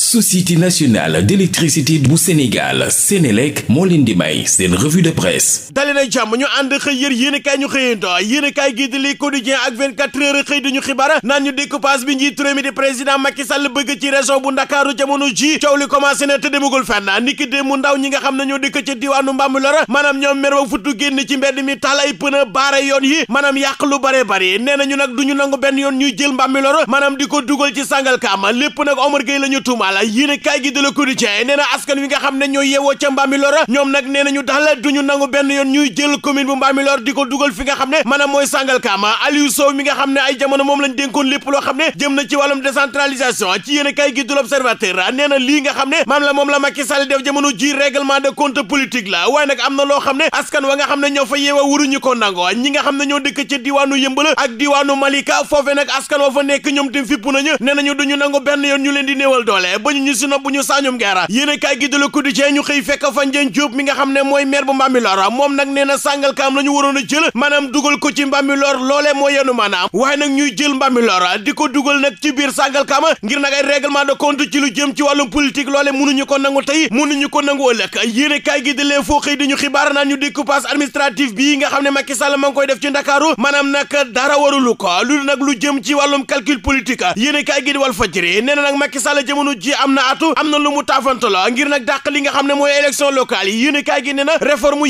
société nationale d'électricité bu Sénégal Sénélec moo leen di may seen revue de presse dali na jàmm ñu ànd xëy yër yéenekaay ñu xëyanto yéenekaay gi di Le Quotidien ak 24 xëy di ñu xibaar naan ñu découpage bi njiit mi di président Macky Sall bëgg ci région bu Ndakaaru jamono ji coow li commencé na te demagul fenn niki dé mu ndaw ñi nga xam ne ñoo dëkk ca diwaanu Mbambilor maanaam ñoom mer ba futtu génn ci mbedd mi taal ay pneu baare yoon yi maanaam yàq lu bare bare nee benn yoon ñuy jël Mbambilor maanaam di ko dugal ci Sangalkam lépp taala yéen a kaay gi de Le Quotidien nee na askan wi nga xam ne ñooy yeewoo ca Mbambilor ñoom nag nee nañu daal duñu benn yoon ñuy jël commune bu Mbambilor di ko dugal fi nga xam ne maanaam mooy Sangalkam mi nga xam ne ay jamono moom lañ dénkoon lépp loo xam ne jëm na ci wàllum décentralisation ci yéen a kaay gi de L'Observateur na lii nga xam ne maam la moom la Macky Sall jamono ji règlement de compte la waaye nag am loo xam ne askan wa nga xam ne ñoo fa yeewoo wuruñu ko nango ñi nga xam ne ñoo dëkk ci diwaanu Yëmbal ak diwaanu Malika foofe nag askan wa fa nekk ñoom tim fipp nañu nee nañu duñu nangu benn yoon ñu leen di néewal doole ba ñu ñu si nopp bu ñu sañum geera yéen a kaay gi de la Quotidien ñu xëy fekk fa Ndiagne Diop mi nga xam ne mooy maire bu Bambilor moom nag nee na Sangalkam la ñu waroon a jël maanaam dugal ko ci Bambilor loolee moo yenu maanaam waay nag ñuy jël Bambilor di ko dugal nag ci biir Sangalkam ngir nag ay règlement de compte ci lu jëm ci wàllum politique loole mënuñu ko nangu tey mënuñu ko nangu ëllëg yéen a kaay gi foo xëy di ñu xibaar naan ñu découpage administratif bii nga xam ne Macky Sall koy def ci Ndakaaru maanaam nag dara warulu ko lu nag lu jëm ci wàllum calcul politique yéen a gi di Walf Fadjri nee na nag Macky Sall jamono ji am na atu am na lu mu taafantalo ngir nag dàq li nga xam ne mooy élection locale yi yéen kaay ne na réforme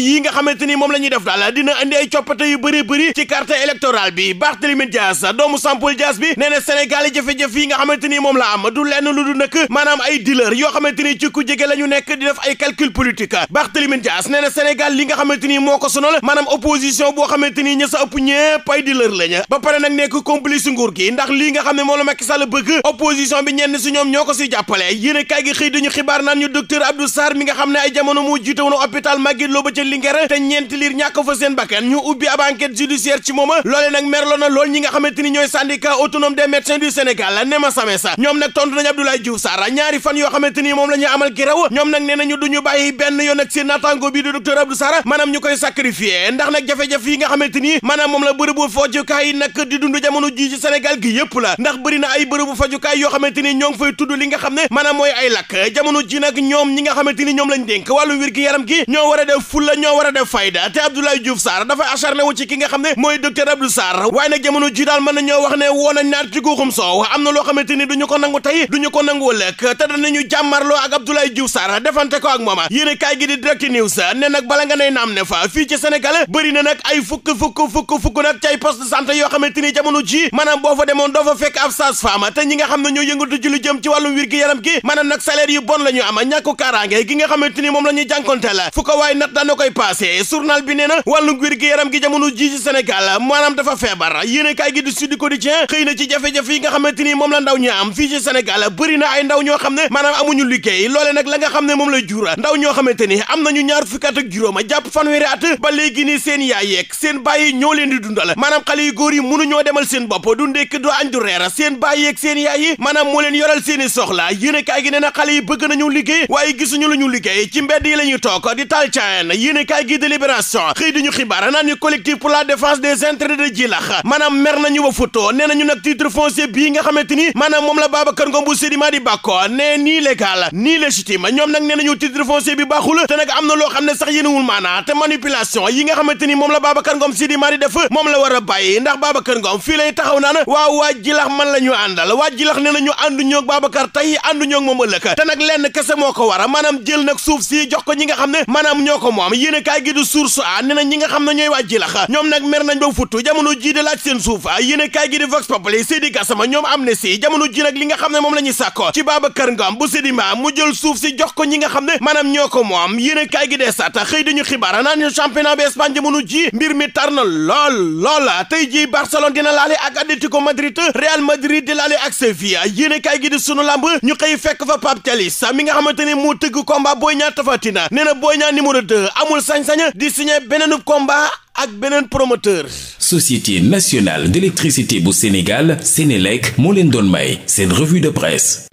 ni moom la ñuy def daal dina indi ay coppate yu bëri bëri ci carte électorale bi Barthélémy Dias doomu Sampol Dias bi nga xamante ni moom la am du lenn lu du nëkk maanaam ay dealer yoo xamante ni ci ku jege la ñu nekk di def ay calcul politique Barthélémy Dias nee na Sénégal li nga xamante ni moo ko sonal maanaam opposition boo xamante ni ña sa ëpp ñëpp ay dealer lañu ba nag nekk complice nguur gi ndax li nga xam ne moom la Macky Sall bëgg opposition bi ñenn si ñoo ko jàppale yéenekaay gi xëy dañu xibaar naan ñu docteur Abdou Sarr mi nga xam ne ay jamono moo jiite woon hôpital Magatte Lô ba ca Linguère te ñeenti liir ñàkk fa seen bakkan ñu ubbi ab enquête judiciaire ci mooma loole nag merlo na lool ñi nga xamante ni ñooy syndicat autonome des médecins du Sénégal ne ma samee sa ñoom nag tontu nañu Abdoulaye Diouf Sarr ñaari fan yoo xamante ni moom la ñu amal ki raw ñoom nag nee nañu duñu bàyyi benn yoon ak seen natango bii di docteur Abdou Sarr maanaam ñu koy sacrifier ndax nag jafe-jafe yi nga xamante ni maanaam moom la bërëbu fajukaay yi nag di dund jamono ji ci Sénégal gi yëpp la ndax bëri na ay bërëbu fajukaay yoo xamante ni ñoo ngi fay tudd li nga xam ne maanaam mooy ay lakk jamono ji nag ñoom ñi nga xamante ni ñoom lañ dénk wàllu wér gi yaram gi ñoo war a def fulla ñoo war a def fayda te Abdoulaye Diouf Sarr dafa acharné wu ci ki nga xam ne mooy docteur Abdou Sarr waaye nag jamono ji daal mën na ñoo wax ne woon nañ naat ci guuxum soow am na loo xamante ni duñu ko nangu tey ñu ko nangu ëllëg te danañu jàmmarloo ak Abdoulaye Diouf Sarr defante ko ak mooma yéen kaay gi di direct news ne nag bala nga ne fa fii ci Sénégal bëri na nag ay fukk fukk fukk fukk nag cay poste de santé yoo xamante ni jamono ji maanaam boo fa demoon doo fekk ab te ñi nga xam ne ñoo yëngatu ci lu jëm ci wàllum wér gi yaram gi maanaam nag salaire yu bon la ñu ama ñàkku kaaraange gi nga xamante ni moom la ñuy jànkonte la fu ko waaye nat daana koy passé journal bi nee na wàllu wér gi yaram gi jamono ji ci Sénégal maanaam dafa feebar yéene kaay gi du Sud Quotidien xëy na ci jafe-jafe yi nga xamante ni moom la ndaw ñu am fii ci Sénégal bëri na ay ndaw ñoo xam ne maanaam amuñu liggéey loole nag la nga xam ne moom la jura ndaw ñoo xamante ni am nañu ñaar fukki at ak juróoma jàpp fanweeri at ba léegi ni seen yaay yeeg seen bàyyi ñoo leen di dundal maanaam xale yu góor yi mënuñoo demal seen bopp du ndékk du añ du reer seen bàyyi yeeg moo leen yoral seeni soxla yéene kaay gi nee na xale yi bëgg nañu liggéey waaye gisuñu lu ñu liggéey ci mbedd yi la ñuy toog di taal caayan yéene kaay gi délibération xëy di ñu xibaar naan ñu collectif pour la défense des intérêts de Djilakh maanaam mer nañu ba foto nee nañu nag titre foncier bii nga xamante ni maanaam moom la Babacar Ngom bu Sedima di bàkkoo ne nii légal nii légitime ñoom nag nee nañu titre foncier bi baaxul te nag am na loo xam ne sax yéenewul maanaa te manipulation yi nga xamante ni moom la Babacar Ngom Sedima di def moom la war a bàyyi ndax Babacar Ngom fii lay waaw waa Djilakh man la ñu àndal waa Djilakh nee nañu àndu ñoo Babacar tey ànduñu ak moom ëllëg te nag lenn kese moo ko war a maanaam jël nag suuf si jox ko ñi nga xam ne maanaam ñoo ko moom yéen a kaay gi du source a ne na ñi nga xam ne ñooy waa Jilax ñoom nag mer nañ ba futtu jamono ji di laaj seen suuf yéen a kaay gi di vox populi Seydi Gassama ñoom am ne si jamono ji nag li nga xam ne moom la ñuy sàkko ci Babacar Ngom bu Sedima mu jël suuf si jox ko ñi nga xam ne maanaam ñoo ko moom yéen a kaay gi dee sata xëy dañu xibaar naan ñu championnat bi Espagne jamono ji mbir mi na lool lool tey ji Barcelone dina laale ak Atlético Madrid Real Madrid di laale ak Sevilla yéen a kaay gi di sunu lamb ñu xëy fekk fa Pape Thialis mi nga xamante ni moo tëgg combat Boy Niang Tapha Tine nee na Boy Niang numéro 2 amul sañ-sañ di signé beneen combat ak beneen promoteur. Société nationale d'électricité bu Sénégal Sénélec moo leen doon may seen revue de presse.